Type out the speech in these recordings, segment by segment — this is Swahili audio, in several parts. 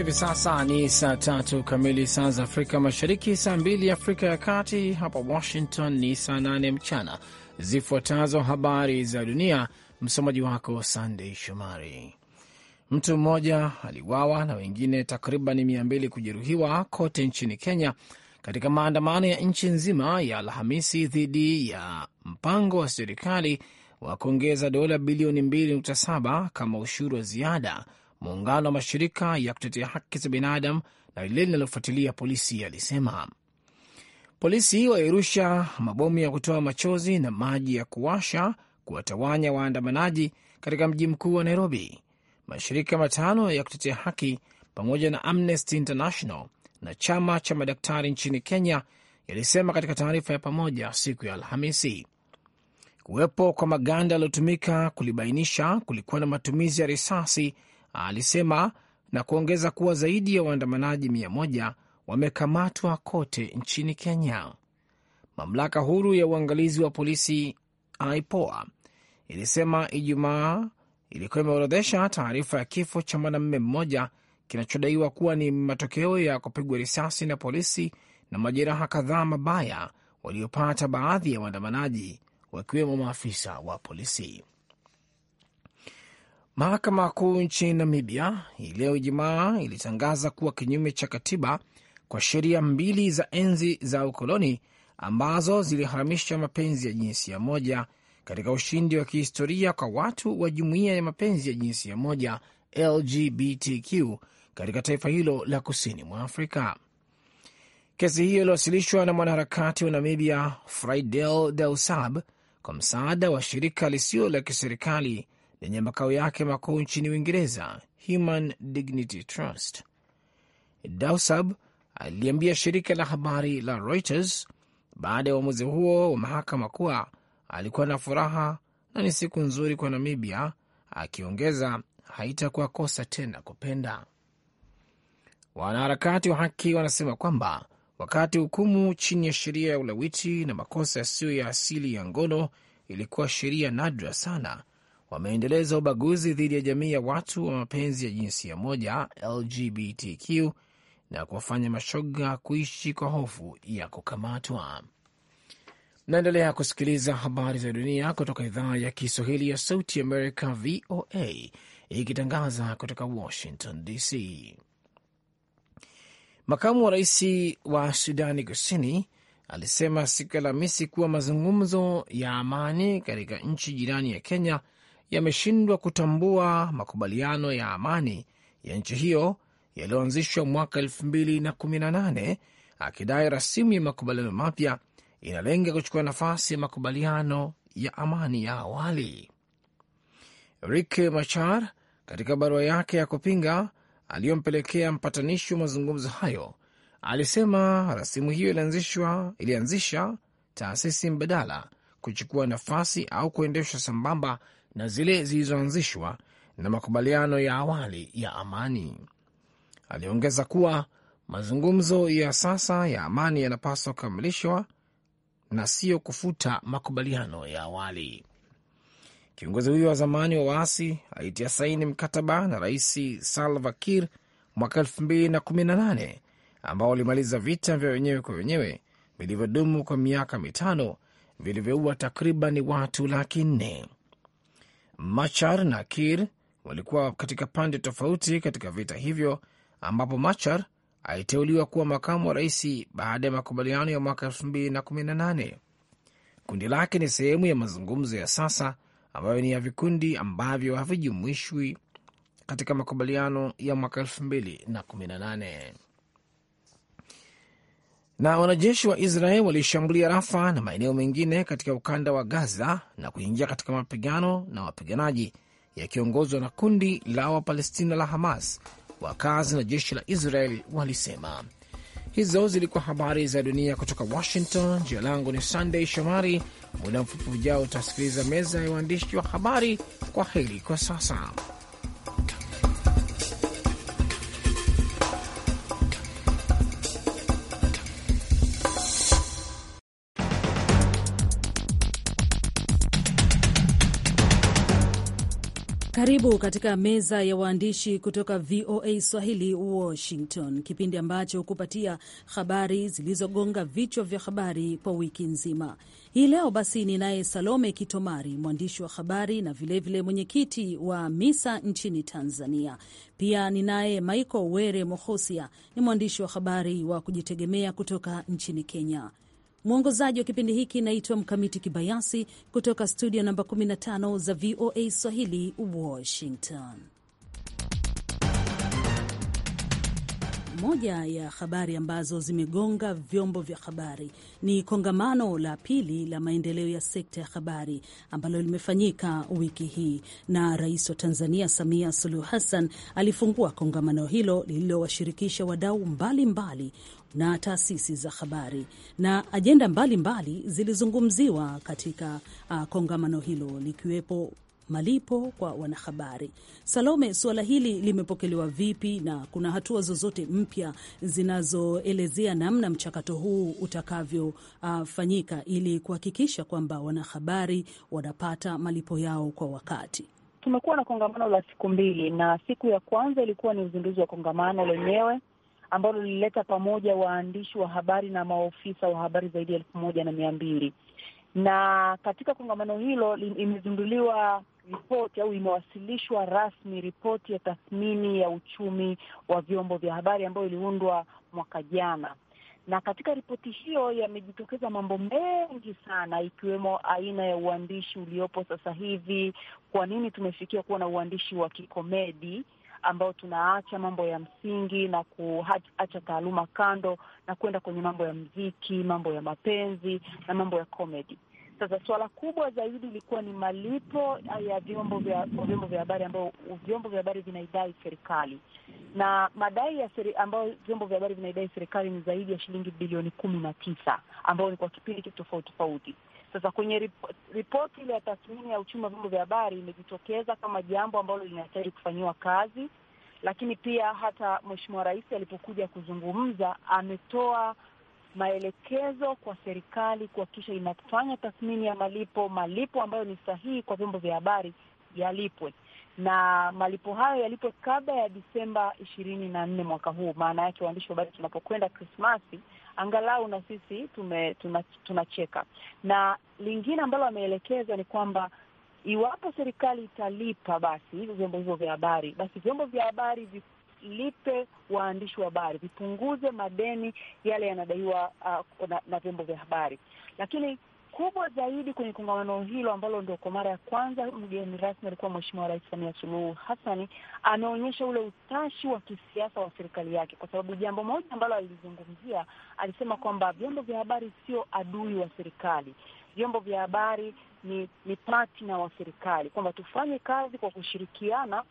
Hivi sasa ni saa tatu kamili saa za Afrika Mashariki, saa mbili Afrika ya Kati. Hapa Washington ni saa nane mchana. Zifuatazo habari za dunia, msomaji wako Sandei Shomari. Mtu mmoja aliwawa na wengine takriban mia mbili kujeruhiwa kote nchini Kenya katika maandamano ya nchi nzima ya Alhamisi dhidi ya mpango wa serikali wa kuongeza dola bilioni 2.7 kama ushuru wa ziada muungano wa mashirika ya kutetea haki za binadamu na lile linalofuatilia polisi alisema. Polisi walirusha mabomu ya kutoa machozi na maji ya kuwasha kuwatawanya waandamanaji katika mji mkuu wa Nairobi. Mashirika matano ya kutetea haki pamoja na Amnesty International na chama cha madaktari nchini Kenya yalisema katika taarifa ya pamoja siku ya Alhamisi kuwepo kwa maganda yaliyotumika kulibainisha kulikuwa na matumizi ya risasi alisema na kuongeza kuwa zaidi ya waandamanaji mia moja wamekamatwa kote nchini Kenya. Mamlaka huru ya uangalizi wa polisi IPOA ilisema Ijumaa ilikuwa imeorodhesha taarifa ya kifo cha mwanamume mmoja kinachodaiwa kuwa ni matokeo ya kupigwa risasi na polisi na majeraha kadhaa mabaya waliopata baadhi ya waandamanaji wakiwemo maafisa wa polisi. Mahakama Kuu nchini Namibia hii leo Ijumaa ilitangaza kuwa kinyume cha katiba kwa sheria mbili za enzi za ukoloni ambazo ziliharamisha mapenzi ya jinsia moja katika ushindi wa kihistoria kwa watu wa jumuiya ya mapenzi ya jinsia moja LGBTQ katika taifa hilo la kusini mwa Afrika. Kesi hiyo iliwasilishwa na mwanaharakati wa Namibia Fridel Delsab kwa msaada wa shirika lisilo la kiserikali lenye makao yake makuu nchini Uingereza, Human Dignity Trust. Dausab aliambia shirika la habari la Reuters baada ya uamuzi huo wa mahakama kuwa alikuwa na furaha na ni siku nzuri kwa Namibia, akiongeza haitakuwa kosa tena kupenda. Wanaharakati wa haki wanasema kwamba wakati hukumu chini ya sheria ya ulawiti na makosa yasiyo ya asili ya ngono ilikuwa sheria nadra sana wameendeleza ubaguzi dhidi ya jamii ya watu wa mapenzi ya jinsi ya moja LGBTQ na kuwafanya mashoga kuishi kwa hofu ya kukamatwa. Naendelea kusikiliza habari za dunia kutoka idhaa ya Kiswahili ya Sauti Amerika, VOA, ikitangaza kutoka Washington DC. Makamu wa rais wa Sudani Kusini alisema siku ya Alhamisi kuwa mazungumzo ya amani katika nchi jirani ya Kenya yameshindwa kutambua makubaliano ya amani ya nchi hiyo yaliyoanzishwa mwaka 2018 akidai rasimu ya makubaliano mapya inalenga kuchukua nafasi ya makubaliano ya amani ya awali. rik Machar katika barua yake ya kupinga aliyompelekea mpatanishi wa mazungumzo hayo alisema rasimu hiyo ilianzisha taasisi mbadala kuchukua nafasi au kuendeshwa sambamba na zile zilizoanzishwa na makubaliano ya awali ya amani. Aliongeza kuwa mazungumzo ya sasa ya amani yanapaswa kukamilishwa na siyo kufuta makubaliano ya awali. Kiongozi huyo wa zamani wa waasi alitia saini mkataba na Rais Salva Kiir mwaka nane ambao ulimaliza vita vya wenyewe kwa wenyewe vilivyodumu kwa miaka mitano vilivyoua takriban watu laki nne. Machar na Kir walikuwa katika pande tofauti katika vita hivyo, ambapo Machar aliteuliwa kuwa makamu wa rais baada ya makubaliano ya mwaka 2018. Kundi lake ni sehemu ya mazungumzo ya sasa ambayo ni ya vikundi ambavyo havijumuishwi katika makubaliano ya mwaka 2018. Na wanajeshi wa Israel walishambulia Rafa na maeneo mengine katika ukanda wa Gaza na kuingia katika mapigano na wapiganaji yakiongozwa na kundi la Wapalestina la Hamas, wakazi na jeshi la Israel walisema. Hizo zilikuwa habari za dunia kutoka Washington. Jina langu ni sandey Shomari. Muda mfupi ujao utasikiliza meza ya waandishi wa habari. Kwa heri kwa sasa. Karibu katika meza ya waandishi kutoka VOA Swahili, Washington, kipindi ambacho hukupatia habari zilizogonga vichwa vya habari kwa wiki nzima. Hii leo basi ninaye Salome Kitomari, mwandishi wa habari na vilevile mwenyekiti wa MISA nchini Tanzania. Pia ninaye Michael Were Mohosia, ni mwandishi wa habari wa kujitegemea kutoka nchini Kenya. Mwongozaji wa kipindi hiki naitwa Mkamiti Kibayasi kutoka studio namba 15 za VOA Swahili, Washington. Moja ya habari ambazo zimegonga vyombo vya habari ni kongamano la pili la maendeleo ya sekta ya habari ambalo limefanyika wiki hii, na rais wa Tanzania Samia Suluhu Hassan alifungua kongamano hilo lililowashirikisha wadau mbalimbali na taasisi za habari na ajenda mbalimbali zilizungumziwa katika uh, kongamano hilo likiwepo malipo kwa wanahabari. Salome, suala hili limepokelewa vipi na kuna hatua zozote mpya zinazoelezea namna mchakato huu utakavyofanyika uh, ili kuhakikisha kwamba wanahabari wanapata malipo yao kwa wakati? Tumekuwa na kongamano la siku mbili, na siku ya kwanza ilikuwa ni uzinduzi wa kongamano lenyewe ambalo lilileta pamoja waandishi wa habari na maofisa wa habari zaidi ya elfu moja na mia mbili na katika kongamano hilo imezinduliwa ripoti au imewasilishwa rasmi ripoti ya tathmini ya uchumi wa vyombo vya habari ambayo iliundwa mwaka jana. Na katika ripoti hiyo yamejitokeza mambo mengi sana, ikiwemo aina ya uandishi uliopo sasa hivi, kwa nini tumefikia kuwa na uandishi wa kikomedi ambao tunaacha mambo ya msingi na kuacha taaluma kando na kwenda kwenye mambo ya mziki, mambo ya mapenzi na mambo ya comedy. Sasa suala kubwa zaidi ilikuwa ni malipo ya vyombo vya vyombo vya habari ambao vyombo vya habari vinaidai serikali, na madai ya seri, ambayo vyombo vya habari vinaidai serikali ni zaidi ya shilingi bilioni kumi na tisa ambayo ni kwa kipindi tofauti tofauti. Sasa kwenye ripoti ile ya tathmini ya uchumi wa vyombo vya habari imejitokeza kama jambo ambalo linahitaji kufanyiwa kazi, lakini pia hata Mheshimiwa Rais alipokuja kuzungumza ametoa maelekezo kwa serikali kuhakikisha inafanya tathmini ya malipo, malipo ambayo ni sahihi kwa vyombo vya habari yalipwe na malipo hayo yalipwe kabla ya Disemba ishirini na nne mwaka huu. Maana yake waandishi wa habari tunapokwenda Krismasi angalau na sisi tume, tunacheka. Na lingine ambalo ameelekeza ni kwamba iwapo serikali italipa basi hivyo vyombo hivyo vya habari, basi vyombo vya habari vilipe waandishi wa habari, vipunguze madeni yale yanadaiwa uh, na vyombo vya habari, lakini kubwa zaidi kwenye kongamano hilo ambalo ndio kwa mara ya kwanza mgeni rasmi alikuwa Mheshimiwa Rais Samia Suluhu hasani ameonyesha ule utashi wa kisiasa wa serikali yake, kwa sababu jambo moja ambalo alilizungumzia, alisema kwamba vyombo vya habari sio adui wa serikali, vyombo vya habari ni, ni partner wa serikali, kwamba tufanye kazi kwa kushirikiana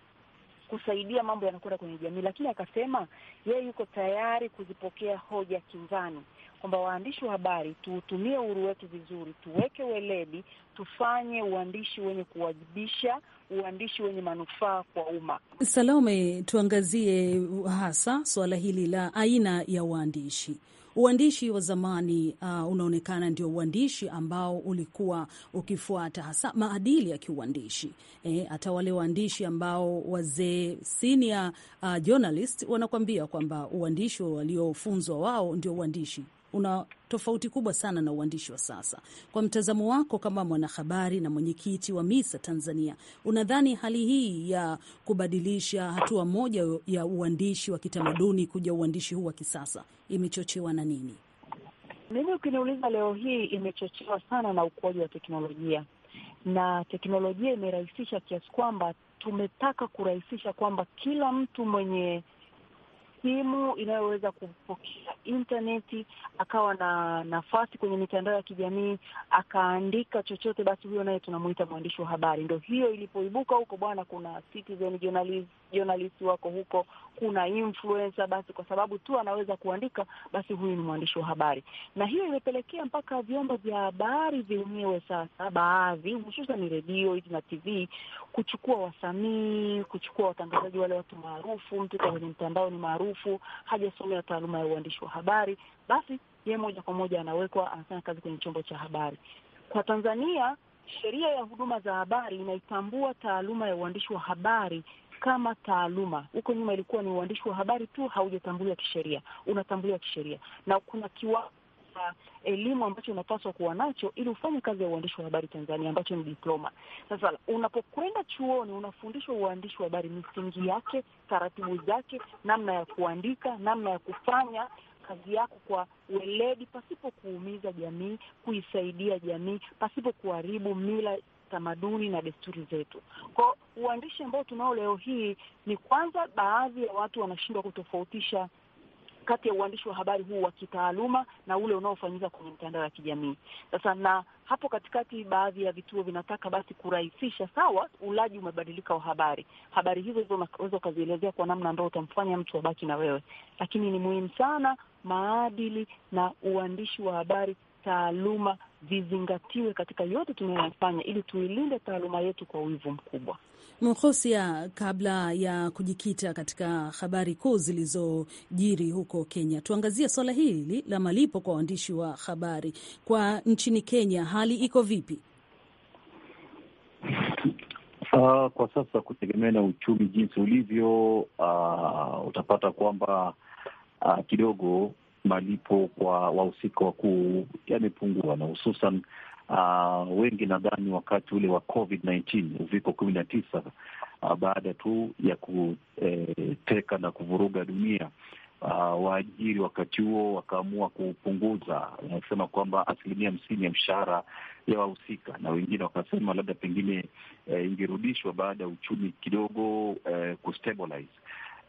kusaidia mambo yanakwenda kwenye jamii, lakini akasema yeye yuko tayari kuzipokea hoja kinzani kwamba waandishi wa habari tuutumie uhuru wetu vizuri, tuweke weledi, tufanye uandishi wenye kuwajibisha, uandishi wenye manufaa kwa umma. Salome, tuangazie hasa suala hili la aina ya uandishi. Uandishi wa zamani uh, unaonekana ndio uandishi ambao ulikuwa ukifuata hasa maadili ya kiuandishi. Eh, hata e, wale waandishi ambao wazee senior uh, journalist wanakwambia kwamba uandishi waliofunzwa wao ndio uandishi una tofauti kubwa sana na uandishi wa sasa. Kwa mtazamo wako kama mwanahabari na mwenyekiti wa MISA Tanzania, unadhani hali hii ya kubadilisha hatua moja ya uandishi wa kitamaduni kuja uandishi huu wa kisasa imechochewa na nini? Mimi ukiniuliza leo hii, imechochewa sana na ukuaji wa teknolojia, na teknolojia imerahisisha kiasi kwamba tumetaka kurahisisha kwamba kila mtu mwenye simu inayoweza kupokea intaneti, akawa na nafasi kwenye mitandao ya kijamii, akaandika chochote, basi huyo naye tunamwita mwandishi wa habari. Ndo hiyo ilipoibuka huko, bwana, kuna citizen journalist, journalist wako huko, kuna influencer, basi kwa sababu tu anaweza kuandika, basi huyu ni mwandishi wa habari. Na hiyo imepelekea mpaka vyombo vya habari vyenyewe sasa, baadhi hususani redio hizi na TV, kuchukua wasanii, kuchukua watangazaji wale watu maarufu, mtu kwenye mtandao ni maarufu maarufu, hajasomea taaluma ya uandishi wa habari, basi ye moja kwa moja anawekwa anafanya kazi kwenye chombo cha habari. Kwa Tanzania, sheria ya huduma za habari inaitambua taaluma ya uandishi wa habari kama taaluma. Huko nyuma ilikuwa ni uandishi wa habari tu, haujatambuliwa kisheria, unatambuliwa kisheria na kuna kiwango na elimu ambacho unapaswa kuwa nacho ili ufanye kazi ya uandishi wa habari Tanzania, ambacho ni diploma. Sasa unapokwenda chuoni unafundishwa uandishi wa habari, misingi yake, taratibu zake, namna ya kuandika, namna ya kufanya kazi yako kwa weledi, pasipo kuumiza jamii, kuisaidia jamii, pasipo kuharibu mila tamaduni na desturi zetu. Kwa uandishi ambao tunao leo hii, ni kwanza, baadhi ya watu wanashindwa kutofautisha kati ya uandishi wa habari huu wa kitaaluma na ule unaofanyika kwenye mitandao ya kijamii. Sasa na hapo katikati, baadhi ya vituo vinataka basi kurahisisha, sawa, ulaji umebadilika wa habari. Habari hizo hizo unaweza ukazielezea kwa namna ambayo utamfanya mtu abaki na wewe, lakini ni muhimu sana maadili na uandishi wa habari taaluma vizingatiwe katika yote tunayoyafanya ili tuilinde taaluma yetu kwa wivu mkubwa. Mhosia, kabla ya kujikita katika habari kuu zilizojiri huko Kenya, tuangazie swala hili la malipo kwa waandishi wa habari kwa nchini Kenya, hali iko vipi? Uh, kwa sasa kutegemea na uchumi jinsi ulivyo, uh, utapata kwamba uh, kidogo malipo kwa wahusika wakuu yamepungua, na hususan uh, wengi nadhani wakati ule wa COVID 19 uviko kumi na tisa uh, baada tu ya kuteka na kuvuruga dunia Uh, waajiri wakati huo wakaamua kupunguza, wanasema kwamba asilimia hamsini ya mshahara ya wahusika, na wengine wakasema labda pengine eh, ingerudishwa baada ya uchumi kidogo eh, kustabilize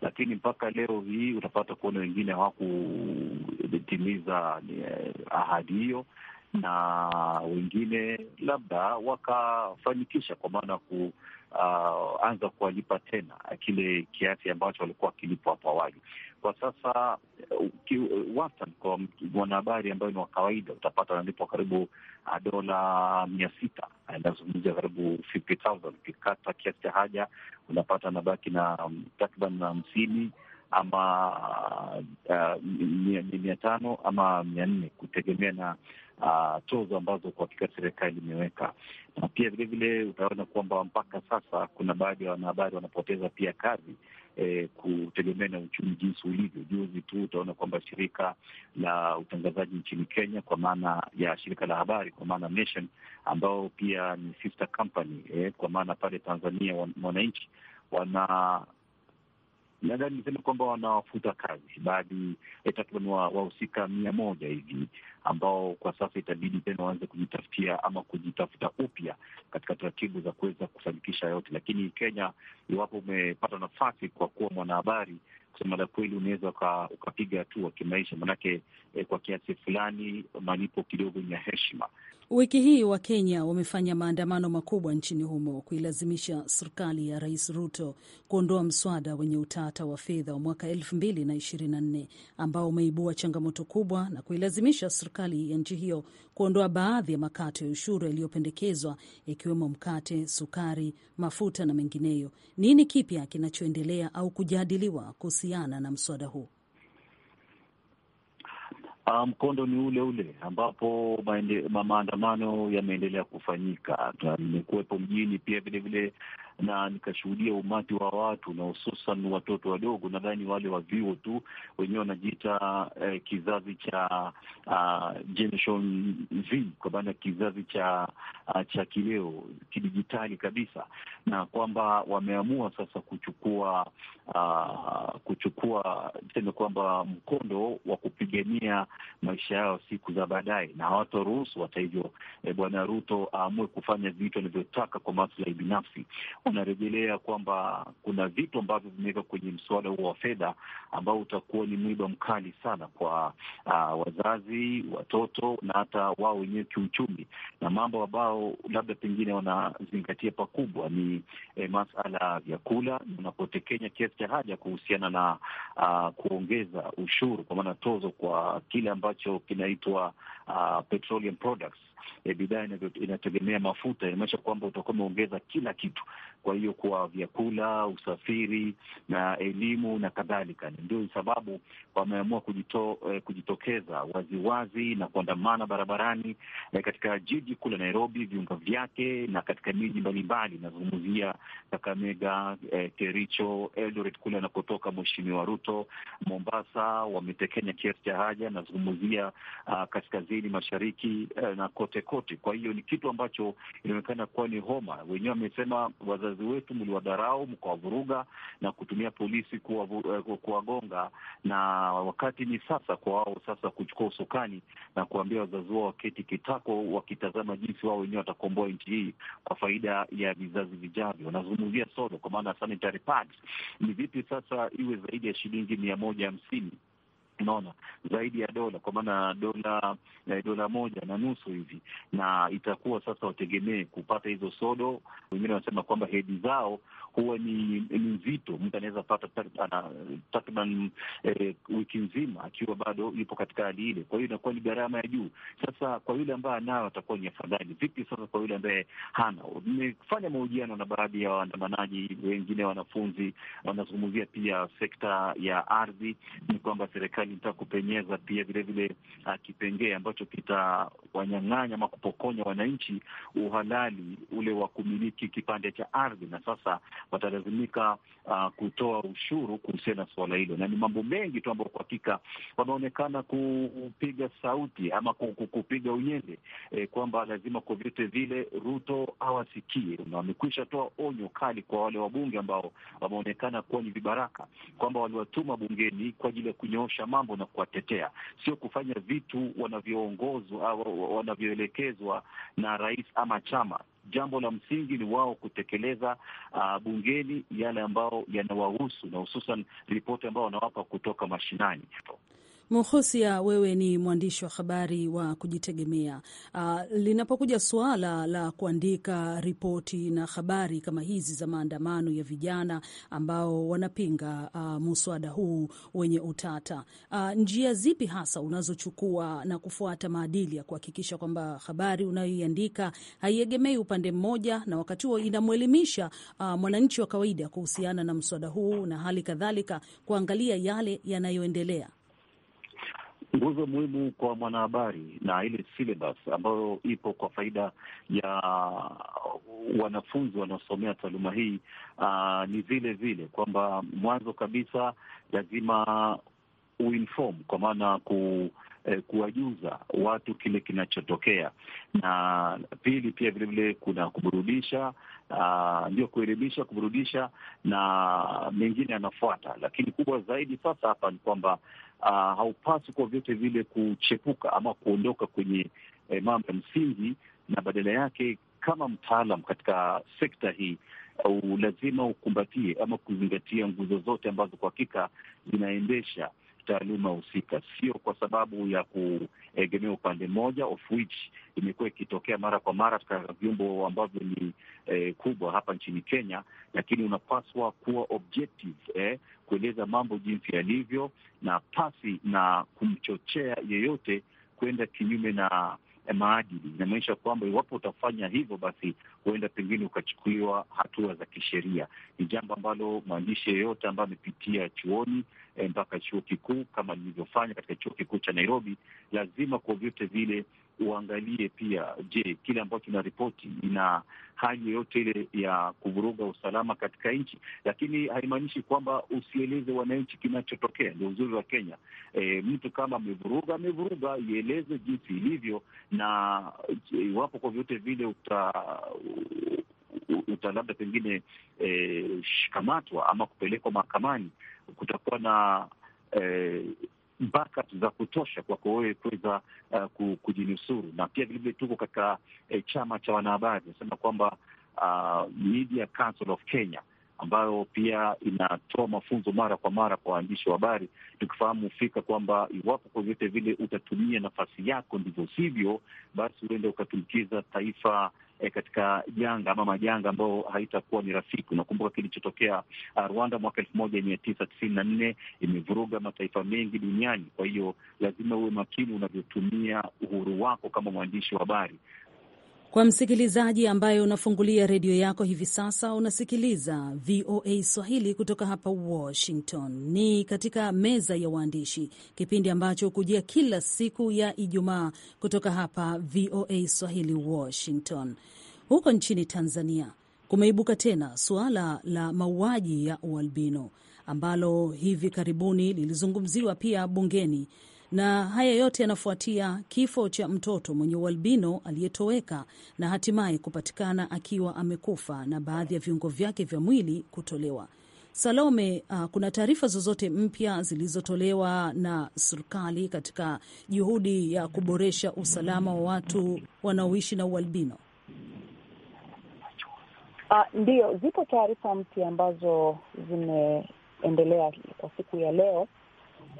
lakini mpaka leo hii utapata kuona wengine hawakutimiza eh, ahadi hiyo, na wengine labda wakafanikisha kwa maana kuanza ah, Uh, kuwalipa tena kile kiasi ambacho walikuwa wakilipwa hapo awali. Kwa sasa uh, wastani kwa mwanahabari ambayo ni wa kawaida utapata wanalipwa karibu ah, dola mia sita anazungumzia karibu 50,000 ukikata kiasi cha haja unapata anabaki na um, takriban hamsini ama uh, mia tano ama mia nne kutegemea na uh, tozo ambazo kwa hakika serikali imeweka, na pia vilevile utaona kwamba mpaka sasa kuna baadhi ya wanahabari wanapoteza pia kazi eh, kutegemea na uchumi jinsi ulivyo. Juzi tu utaona kwamba shirika la utangazaji nchini Kenya kwa maana ya shirika la habari kwa maana Nation, ambao pia ni sister company eh, kwa maana pale Tanzania mwananchi wana nadhani niseme kwamba wanawafuta kazi baadhi ya eh, takriban wahusika mia moja hivi ambao kwa sasa itabidi tena waanze kujitafutia ama kujitafuta upya katika taratibu za kuweza kufanikisha yote. Lakini Kenya, iwapo umepata nafasi kwa kuwa mwanahabari kusema la kweli, unaweza ukapiga hatua kimaisha, manake eh, kwa kiasi fulani malipo kidogo ni ya heshima. Wiki hii Wakenya wamefanya maandamano makubwa nchini humo kuilazimisha serikali ya Rais Ruto kuondoa mswada wenye utata wa fedha wa mwaka elfu mbili na ishirini na nne ambao umeibua changamoto kubwa na kuilazimisha serikali ya nchi hiyo kuondoa baadhi ya makato ya ushuru yaliyopendekezwa ikiwemo mkate, sukari, mafuta na mengineyo. Nini kipya kinachoendelea au kujadiliwa kuhusiana na mswada huu? Ah, mkondo um, ni ule ule ambapo maandamano yameendelea kufanyika, imekuwepo mjini pia vilevile na nikashuhudia umati wa watu na hususan watoto wadogo, nadhani wale wa vyuo tu wenyewe wanajiita eh, kizazi cha uh, generation Z kwa maana kizazi cha uh, cha kileo kidijitali kabisa, na kwamba wameamua sasa kuchukua uh, kuchukua tuseme kwamba mkondo wa kupigania maisha yao siku za baadaye, na hawatoruhusu hata hivyo eh, Bwana Ruto aamue uh, kufanya vitu anavyotaka kwa maslahi binafsi unarejelea kwamba kuna vitu ambavyo vimewekwa kwenye mswada huo wa fedha ambao utakuwa ni mwiba mkali sana kwa uh, wazazi, watoto na hata wao wenyewe kiuchumi, na mambo ambao labda pengine wanazingatia pakubwa ni eh, masala ya vyakula, unapotekenya kiasi cha haja kuhusiana na uh, kuongeza ushuru kwa maana tozo kwa kile ambacho kinaitwa uh, petroleum products. E, bidhaa inategemea mafuta, inamaanisha kwamba utakuwa umeongeza kila kitu, kwa hiyo kwa vyakula, usafiri na elimu na kadhalika. Ndio sababu wameamua kujito, eh, kujitokeza waziwazi na kuandamana barabarani eh, katika jiji kuu la Nairobi, viunga vyake na katika miji mbalimbali, Inazungumzia Kakamega, eh, Kericho, Eldoret kule anakotoka Mheshimiwa Ruto, Mombasa wametekenya kiasi cha haja, nazungumzia uh, kaskazini mashariki eh, na kote kote. Kwa hiyo ni kitu ambacho inaonekana kuwa ni homa, wenyewe wamesema wazazi wazazi wetu mliwadharau, mkawavuruga na kutumia polisi eh, kuwagonga, na wakati ni sasa kwa wao sasa kuchukua usukani na kuambia wazazi wao waketi kitako, wakitazama jinsi wao wenyewe watakomboa nchi hii kwa faida ya vizazi vijavyo. Nazungumzia sodo, kwa maana sanitary pads. Ni vipi sasa iwe zaidi ya shilingi mia moja hamsini Unaona, zaidi ya dola kwa maana dola eh, dola moja na nusu hivi, na itakuwa sasa wategemee kupata hizo sodo. Wengine wanasema kwamba hedi zao huwa ni nzito, mtu anaweza pata takriban eh, wiki nzima akiwa bado yupo katika hali ile. Kwa hiyo inakuwa ni gharama ya juu. Sasa kwa yule ambaye anayo atakuwa ni afadhali. Vipi sasa kwa yule ambaye hana? Nimefanya mahojiano na baadhi ya waandamanaji, wengine wanafunzi, wanazungumzia pia sekta ya ardhi, ni kwamba serikali gani nitakupenyeza, pia uh, kipengee ambacho kitawanyang'anya ama kupokonya wananchi uhalali ule wa kumiliki kipande cha ardhi, na sasa watalazimika uh, kutoa ushuru kuhusiana na suala hilo, na ni mambo mengi tu ambayo kwa hakika wameonekana kupiga sauti ama kupiga unyele eh, kwamba lazima kwa vyote vile Ruto awasikie, na wamekwisha toa onyo kali kwa wale wabunge ambao wameonekana kuwa ni vibaraka, kwamba waliwatuma bungeni kwa ajili ya kunyoosha mambo na kuwatetea, sio kufanya vitu wanavyoongozwa au wanavyoelekezwa na rais ama chama. Jambo la msingi ni wao kutekeleza uh, bungeni yale ambayo yanawahusu na hususan ripoti ambayo wanawapa kutoka mashinani. Muhusia, ah, wewe ni mwandishi wa habari wa kujitegemea. Uh, linapokuja suala la kuandika ripoti na habari kama hizi za maandamano ya vijana ambao wanapinga uh, muswada huu wenye utata, uh, njia zipi hasa unazochukua na kufuata maadili ya kuhakikisha kwamba habari unayoiandika haiegemei upande mmoja, na wakati huo inamwelimisha uh, mwananchi wa kawaida kuhusiana na mswada huu na hali kadhalika kuangalia yale yanayoendelea? nguzo muhimu kwa mwanahabari na ile syllabus ambayo ipo kwa faida ya wanafunzi wanaosomea taaluma hii uh, ni vile vile kwamba mwanzo kabisa lazima uinform kwa maana ku eh, kuwajuza watu kile kinachotokea, na pili pia vilevile kuna kuburudisha, ah, ndio kuelimisha, kuburudisha na mengine yanafuata, lakini kubwa zaidi sasa hapa ni kwamba uh, haupaswi kwa vyote vile kuchepuka ama kuondoka kwenye eh, mambo ya msingi, na badala yake kama mtaalam katika sekta hii uh, lazima ukumbatie ama kuzingatia nguzo zote ambazo kwa hakika zinaendesha taaluma husika, sio kwa sababu ya kuegemea upande mmoja, of which imekuwa ikitokea mara kwa mara katika vyombo ambavyo ni eh, kubwa hapa nchini Kenya, lakini unapaswa kuwa objective eh, kueleza mambo jinsi yalivyo na pasi na kumchochea yeyote kwenda kinyume na Eh, maadili. Inamaanisha kwamba iwapo utafanya hivyo, basi huenda pengine ukachukuliwa hatua za kisheria. Ni jambo ambalo mwandishi yeyote ambaye amepitia chuoni eh, mpaka chuo kikuu, kama nilivyofanya katika chuo kikuu cha Nairobi, lazima kwa vyote vile uangalie pia, je, kile ambacho ripoti ina hali yoyote ile ya kuvuruga usalama katika nchi, lakini haimaanishi kwamba usieleze wananchi kinachotokea. Ndio uzuri wa Kenya. E, mtu kama amevuruga amevuruga, ieleze jinsi ilivyo, na iwapo kwa vyote vile uta uta labda pengine e, shikamatwa ama kupelekwa mahakamani, kutakuwa na e, backup za kutosha kwako wewe kuweza uh, kujinusuru. Na pia vilevile tuko katika eh, chama cha wanahabari nasema kwamba uh, Media Council of Kenya ambayo pia inatoa mafunzo mara kwa mara kwa waandishi wa habari, tukifahamu fika kwamba iwapo kwa vyote vile utatumia nafasi yako, ndivyo sivyo, basi huenda ukatumikiza taifa e, katika janga ama majanga ambayo haitakuwa ni rafiki. Unakumbuka kilichotokea ah, Rwanda mwaka elfu moja mia tisa tisini na nne imevuruga mataifa mengi duniani. Kwa hiyo lazima uwe makini unavyotumia uhuru wako kama mwandishi wa habari. Kwa msikilizaji ambaye unafungulia redio yako hivi sasa, unasikiliza VOA Swahili kutoka hapa Washington. Ni katika meza ya waandishi, kipindi ambacho hukujia kila siku ya Ijumaa kutoka hapa VOA Swahili Washington. Huko nchini Tanzania kumeibuka tena suala la mauaji ya ualbino ambalo hivi karibuni lilizungumziwa pia bungeni na haya yote yanafuatia kifo cha mtoto mwenye ualbino aliyetoweka na hatimaye kupatikana akiwa amekufa na baadhi ya viungo vyake vya mwili kutolewa. Salome, uh, kuna taarifa zozote mpya zilizotolewa na serikali katika juhudi ya kuboresha usalama wa watu wanaoishi na ualbino? Uh, ah, ndiyo, zipo taarifa mpya ambazo zimeendelea kwa siku ya leo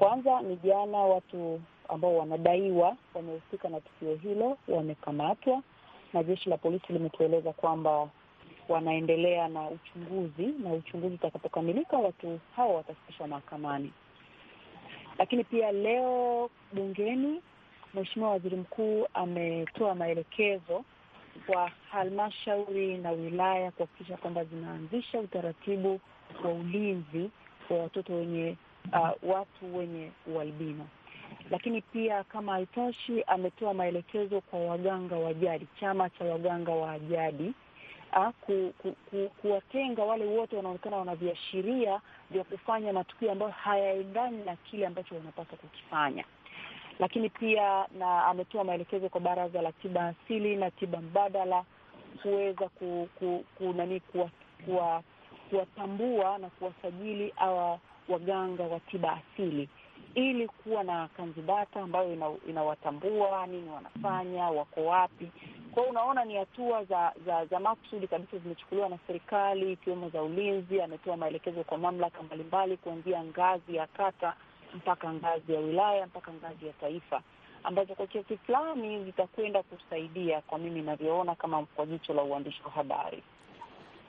kwanza ni jana, watu ambao wanadaiwa wamehusika na tukio hilo wamekamatwa, na jeshi la polisi limetueleza kwamba wanaendelea na uchunguzi, na uchunguzi utakapokamilika watu hao watafikishwa mahakamani. Lakini pia leo bungeni, Mheshimiwa Waziri Mkuu ametoa maelekezo kwa halmashauri na wilaya kuhakikisha kwamba zinaanzisha utaratibu wa ulinzi wa watoto wenye uh, watu wenye ualbino. Lakini pia kama haitoshi, ametoa maelekezo kwa waganga wa jadi, chama cha waganga wa jadi uh, ku, ku, ku, kuwatenga wale wote wanaonekana wana viashiria vya kufanya matukio ambayo hayaendani na kile ambacho wanapaswa kukifanya. Lakini pia na ametoa maelekezo kwa Baraza la Tiba Asili na Tiba Mbadala kuweza ku, ku, ku, nani kuwatambua kuwa, kuwa na kuwasajili awa waganga wa tiba asili ili kuwa na kanzidata ambayo inawatambua nini wanafanya, wako wapi. kwao unaona ni hatua za za, za maksudi kabisa zimechukuliwa na serikali ikiwemo za ulinzi. Ametoa maelekezo kwa mamlaka mbalimbali kuanzia ngazi ya kata mpaka ngazi ya wilaya mpaka ngazi ya taifa, ambazo kwa kiasi fulani zitakwenda kusaidia, kwa mimi inavyoona, kama kwa jicho la uandishi wa habari.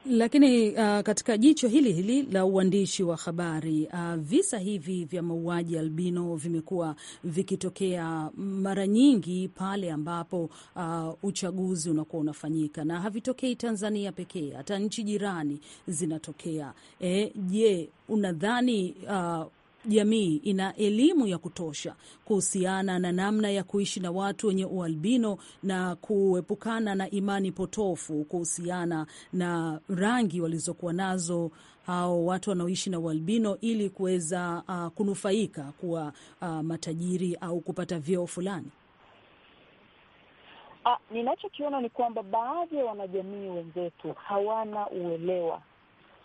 Lakini uh, katika jicho hili hili la uandishi wa habari uh, visa hivi vya mauaji albino vimekuwa vikitokea mara nyingi pale ambapo uh, uchaguzi unakuwa unafanyika, na havitokei Tanzania pekee, hata nchi jirani zinatokea. Eh, je, unadhani uh, jamii ina elimu ya kutosha kuhusiana na namna ya kuishi na watu wenye ualbino na kuepukana na imani potofu kuhusiana na rangi walizokuwa nazo hao watu wanaoishi na ualbino ili kuweza uh, kunufaika kuwa uh, matajiri au kupata vyeo fulani? Ah, ninachokiona ni kwamba baadhi ya wanajamii wenzetu hawana uelewa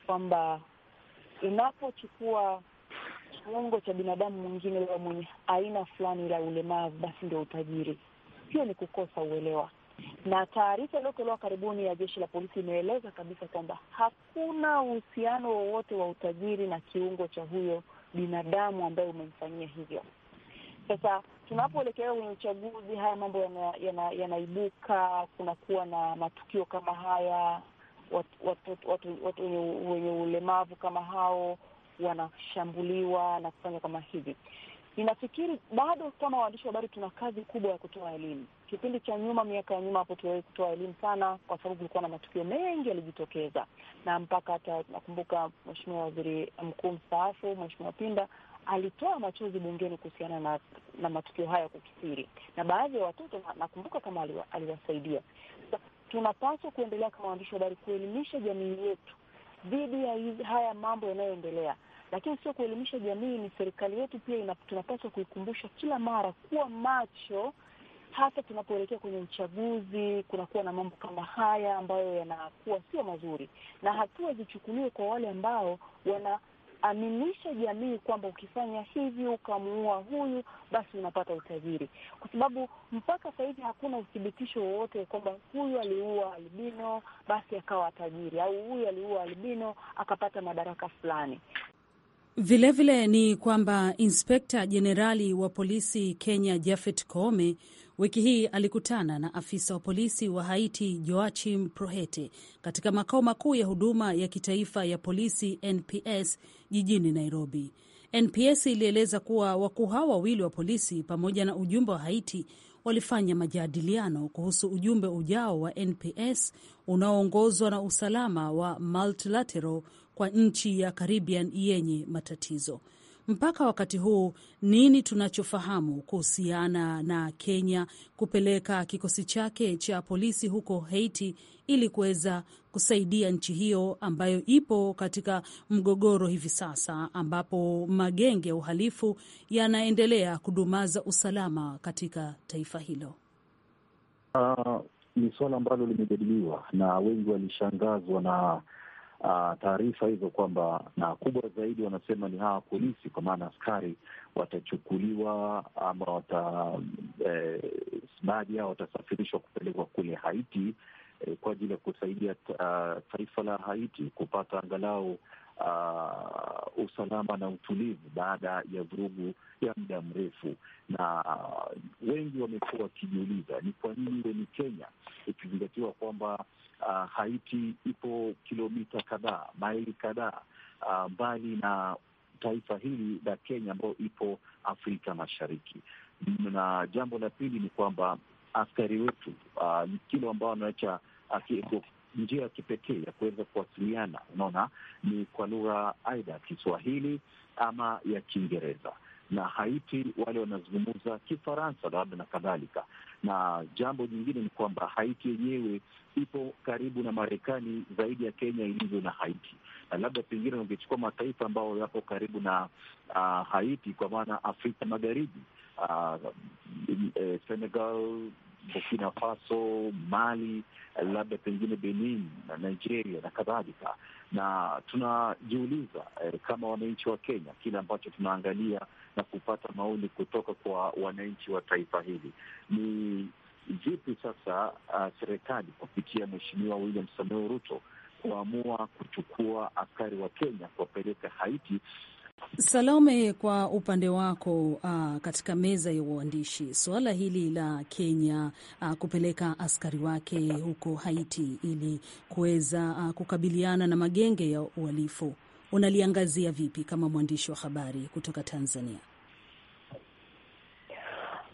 kwamba inapochukua kiungo cha binadamu mwingine wa mwenye aina fulani la ulemavu, basi ndio utajiri. Hiyo ni kukosa uelewa. Na taarifa iliyotolewa karibuni ya jeshi la polisi imeeleza kabisa kwamba hakuna uhusiano wowote wa utajiri na kiungo cha huyo binadamu ambaye umemfanyia hivyo. Sasa tunapoelekea kwenye uchaguzi, haya mambo yanaibuka, yana, yana kunakuwa na matukio kama haya, watu wenye ulemavu kama hao wanashambuliwa na kufanya kama hivi. Ninafikiri bado kama waandishi wa habari tuna kazi kubwa ya kutoa elimu. Kipindi cha nyuma, miaka ya nyuma hapo, tuwai kutoa elimu sana, kwa sababu kulikuwa na matukio mengi yalijitokeza, na mpaka hata nakumbuka Mheshimiwa Waziri Mkuu mstaafu Mheshimiwa Pinda alitoa machozi bungeni kuhusiana na, na matukio haya ya kukithiri, na baadhi ya watoto nakumbuka kama aliwa, aliwasaidia. So, tunapaswa kuendelea kama waandishi wa habari kuelimisha jamii yetu dhidi ya haya mambo yanayoendelea lakini sio kuelimisha jamii. Ni serikali yetu pia tunapaswa kuikumbusha kila mara kuwa macho, hasa tunapoelekea kwenye uchaguzi. Kunakuwa na mambo kama haya ambayo yanakuwa sio mazuri, na hatua zichukuliwe kwa wale ambao wana aminisha jamii kwamba ukifanya hivi ukamuua huyu basi unapata utajiri, kwa sababu mpaka sasa hivi hakuna uthibitisho wowote kwamba huyu aliua albino basi akawa tajiri, au huyu aliua albino akapata madaraka fulani. Vilevile vile ni kwamba inspekta jenerali wa polisi Kenya Jafet Koome wiki hii alikutana na afisa wa polisi wa Haiti Joachim Prohete katika makao makuu ya huduma ya kitaifa ya polisi NPS jijini Nairobi. NPS ilieleza kuwa wakuu hawa wawili wa polisi pamoja na ujumbe wa Haiti walifanya majadiliano kuhusu ujumbe ujao wa NPS unaoongozwa na usalama wa multilateral kwa nchi ya Caribbean yenye matatizo. Mpaka wakati huu nini tunachofahamu kuhusiana na Kenya kupeleka kikosi chake cha polisi huko Haiti ili kuweza kusaidia nchi hiyo ambayo ipo katika mgogoro hivi sasa, ambapo magenge ya uhalifu yanaendelea kudumaza usalama katika taifa hilo? Uh, ni suala ambalo limejadiliwa na wengi walishangazwa na uh, taarifa hizo kwamba, na kubwa zaidi wanasema ni hawa polisi, kwa maana askari watachukuliwa ama wata eh, baadhi yao watasafirishwa kupelekwa kule Haiti eh, kwa ajili ya kusaidia uh, taifa la Haiti kupata angalau uh, usalama na utulivu baada ya vurugu ya muda mrefu, na wengi wamekuwa wakijiuliza ni kwa nini iwe ni Kenya ikizingatiwa kwamba uh, Haiti ipo kilomita kadhaa, maili kadhaa uh, mbali na taifa hili la Kenya ambayo ipo Afrika Mashariki. Na jambo la pili ni kwamba askari wetu uh, kilo ambao wanaacha njia ya kipekee ya kuweza kuwasiliana, unaona, ni kwa lugha aidha ya Kiswahili ama ya Kiingereza na Haiti wale wanazungumza Kifaransa labda na kadhalika. Na jambo jingine ni kwamba Haiti yenyewe ipo karibu na Marekani zaidi ya Kenya ilivyo na Haiti, na labda pengine ungechukua mataifa ambayo yapo karibu na uh, Haiti kwa maana Afrika Magharibi, uh, eh, Senegal, Burkina Faso, Mali, labda pengine Benin na Nigeria na kadhalika. Na tunajiuliza eh, kama wananchi wa Kenya, kile ambacho tunaangalia na kupata maoni kutoka kwa wananchi wa taifa hili ni vipi sasa, uh, serikali kupitia Mheshimiwa William Samoei Ruto kuamua kuchukua askari wa Kenya kuwapeleka Haiti Salome, kwa upande wako uh, katika meza ya uandishi, suala hili la Kenya uh, kupeleka askari wake huko Haiti ili kuweza uh, kukabiliana na magenge ya uhalifu unaliangazia vipi kama mwandishi wa habari kutoka Tanzania?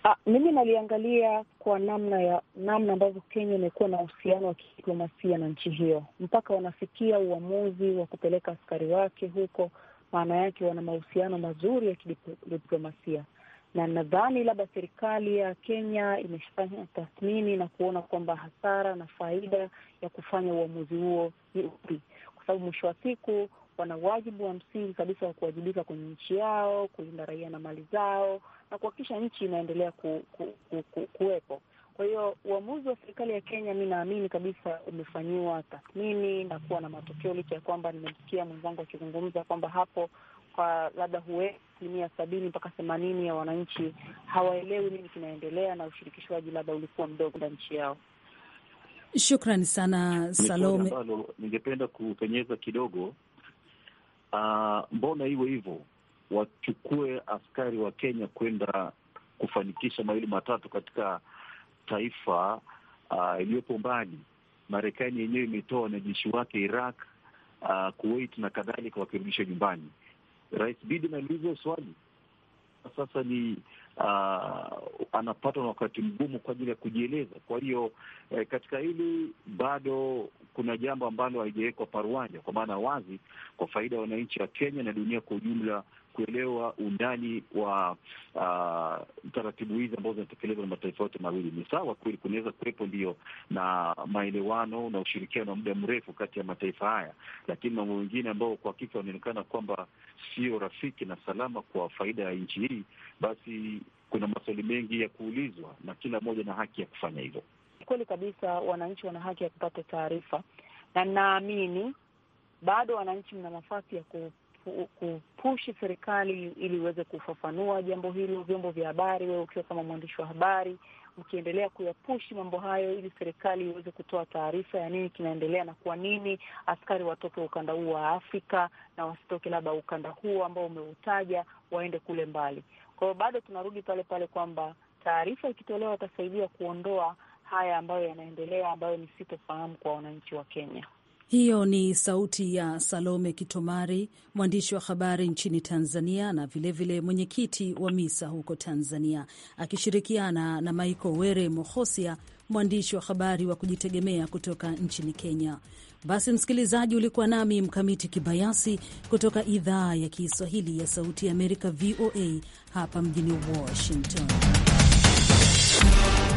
Uh, mimi naliangalia kwa namna ya namna ambavyo Kenya imekuwa na uhusiano wa kidiplomasia na nchi hiyo mpaka wanafikia uamuzi wa kupeleka askari wake huko maana yake wana mahusiano mazuri ya kidiplomasia, na nadhani labda serikali ya Kenya imefanya tathmini na kuona kwamba hasara na faida ya kufanya uamuzi huo ni upi, kwa sababu mwisho wa siku wana wajibu wa msingi kabisa wa kuwajibika kwenye nchi yao, kulinda raia na mali zao na kuhakikisha nchi inaendelea ku, ku, ku, ku, kuwepo. Kwa hiyo uamuzi wa serikali ya Kenya, mi naamini kabisa umefanyiwa tathmini na kuwa na matokeo, licha ya kwamba nimemsikia mwenzangu akizungumza kwamba hapo kwa labda huwe asilimia sabini mpaka themanini ya wananchi hawaelewi nini kinaendelea, na ushirikishwaji labda ulikuwa mdogo na nchi yao. Shukrani sana Salome. Ambalo ningependa kupenyeza kidogo, ah, mbona iwe hivyo, wachukue askari wa Kenya kwenda kufanikisha mawili matatu katika taifa uh, iliyopo mbali. Marekani yenyewe imetoa wanajeshi wake Iraq, uh, Kuwait na kadhalika, wakirudisha nyumbani. Rais Biden aliulizwa swali sasa ni uh, ah, anapatwa na wakati mgumu kwa ajili ya kujieleza. Kwa hiyo eh, katika hili bado kuna jambo ambalo haijawekwa paruanja kwa maana wazi, kwa faida ya wananchi wa Kenya na dunia kwa ujumla, kuelewa undani wa uh, taratibu hizi ambazo zinatekelezwa na mataifa yote mawili. Ni sawa kweli, kunaweza kuwepo ndio na maelewano na ushirikiano wa muda mrefu kati ya mataifa haya, lakini mambo mengine ambao kwa hakika wanaonekana kwamba sio rafiki na salama kwa faida ya nchi hii, basi kuna maswali mengi ya kuulizwa, na kila mmoja na haki ya kufanya hivyo. Kweli kabisa, wananchi wana haki ya kupata taarifa, na naamini bado wananchi mna nafasi ya ku kupushi serikali ili iweze kufafanua jambo hilo, vyombo vya habari, wewe ukiwa kama mwandishi wa habari ukiendelea kuyapushi mambo hayo ili serikali iweze kutoa taarifa ya nini kinaendelea na kwa nini askari watoke ukanda huu wa Afrika na wasitoke labda ukanda huu ambao umeutaja waende kule mbali. Kwa hiyo bado tunarudi pale pale kwamba taarifa ikitolewa itasaidia kuondoa haya ambayo yanaendelea, ambayo ni sitofahamu kwa wananchi wa Kenya. Hiyo ni sauti ya Salome Kitomari, mwandishi wa habari nchini Tanzania na vilevile mwenyekiti wa MISA huko Tanzania, akishirikiana na Maiko Were Mohosia, mwandishi wa habari wa kujitegemea kutoka nchini Kenya. Basi msikilizaji, ulikuwa nami Mkamiti Kibayasi kutoka idhaa ya Kiswahili ya Sauti ya Amerika, VOA hapa mjini Washington.